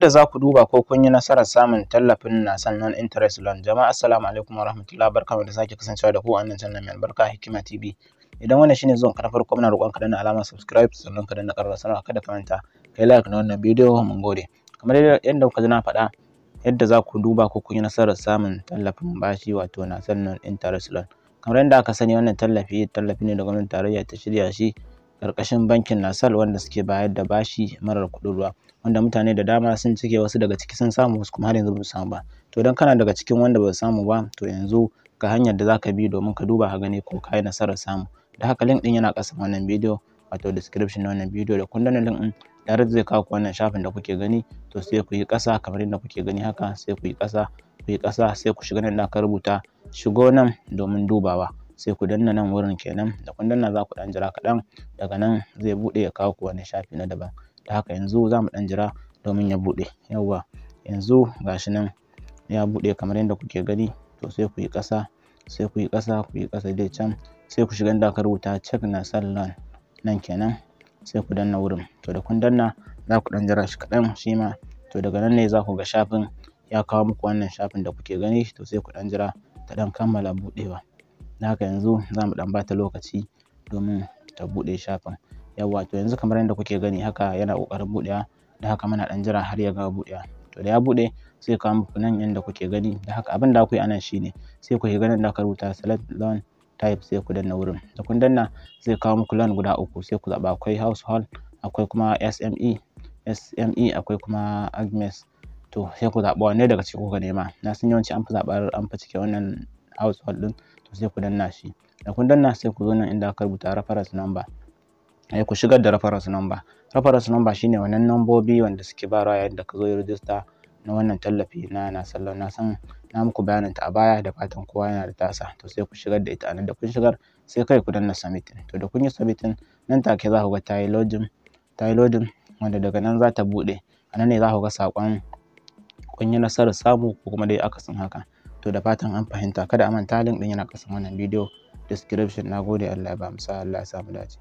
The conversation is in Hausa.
yadda za ku duba ko kun yi nasarar samun tallafin nasan non interest loan jama'a assalamu alaikum wa rahmatullah barkamu da sake kasancewa da ku a wannan channel mai albarka hikima tv idan wannan shine zuwan ka na farko muna roƙon ka danna alamar subscribe sannan ka danna ƙarfa sanarwa kada ka manta kai like na wannan bidiyo mun gode kamar yadda kuka ji na faɗa yadda za ku duba ko kun yi nasarar samun tallafin bashi wato san non interest loan kamar yadda aka sani wannan tallafi tallafi ne da gwamnatin tarayya ta shirya shi ƙarƙashin bankin Nasal wanda suke bayar da bashi marar kuɗin ruwa wanda mutane da dama sun cike wasu daga ciki sun samu wasu kuma har yanzu ba samu ba to don kana daga cikin wanda ba samu ba to yanzu ga hanyar da zaka bi domin ka duba ka gani ko ka yi nasarar samu da haka link ɗin yana ƙasan wannan bidiyo wato description na wannan bidiyo da kun danna link ɗin tare zai kawo ku wannan shafin da kuke gani to sai ku yi ƙasa kamar yadda kuke gani haka sai ku yi ƙasa ku ƙasa sai ku shiga nan da aka rubuta shigo nan domin dubawa sai ku danna nan wurin kenan da kun danna za ku ɗan jira kaɗan daga nan zai buɗe ya kawo ku wani shafi na daban da haka yanzu za mu ɗan jira domin ya buɗe yawwa yanzu gashi nan ya buɗe kamar yadda kuke gani to sai ku yi ƙasa sai ku yi ƙasa ku yi ƙasa dai can sai ku shiga inda aka rubuta check na sallan nan kenan sai ku danna wurin to da kun danna za ku ɗan jira shi kaɗan shi ma to daga nan ne za ku ga shafin ya kawo muku wannan shafin da kuke gani to sai ku ɗan jira ta dan kammala buɗewa da haka yanzu za mu ɗan bata lokaci domin ta buɗe shafin yawwa to yanzu kamar yadda kuke gani haka yana ƙoƙarin buɗewa da haka muna ɗan jira har ya ga buɗewa to da ya buɗe sai kawo muku nan yadda kuke gani da haka abin da ku yi anan ne. sai ku shiga nan da aka rubuta select loan type sai ku danna wurin da kun danna zai kawo muku loan guda uku sai ku zaɓa akwai household akwai kuma SME SME akwai kuma Agnes to sai ku zaɓa wanne daga ciki kuka nema na san yawanci an fi zaɓar an fi cike wannan household ɗin to sai ku danna shi da kun danna sai ku zo nan inda aka rubuta reference number ai eh, ku shigar da reference number reference number shine wannan nambobi wanda suke barawa yayin da ka zo register na wannan tallafi na na sallau na san na muku bayanin ta a baya da fatan kowa yana da tasa to sai ku shigar da ita anan da kun shigar sai kai ku danna submit to da kun yi submit nan take za ku ga tayi login tayi login wanda daga nan za ta buɗe anan ne za ku ga sakon kun yi nasarar samu ko kuma dai akasin haka to da fatan an fahimta kada a manta link ɗin yana ƙasan wannan bidiyo description na gode Allah ya ba mu sa Allah ya samu dace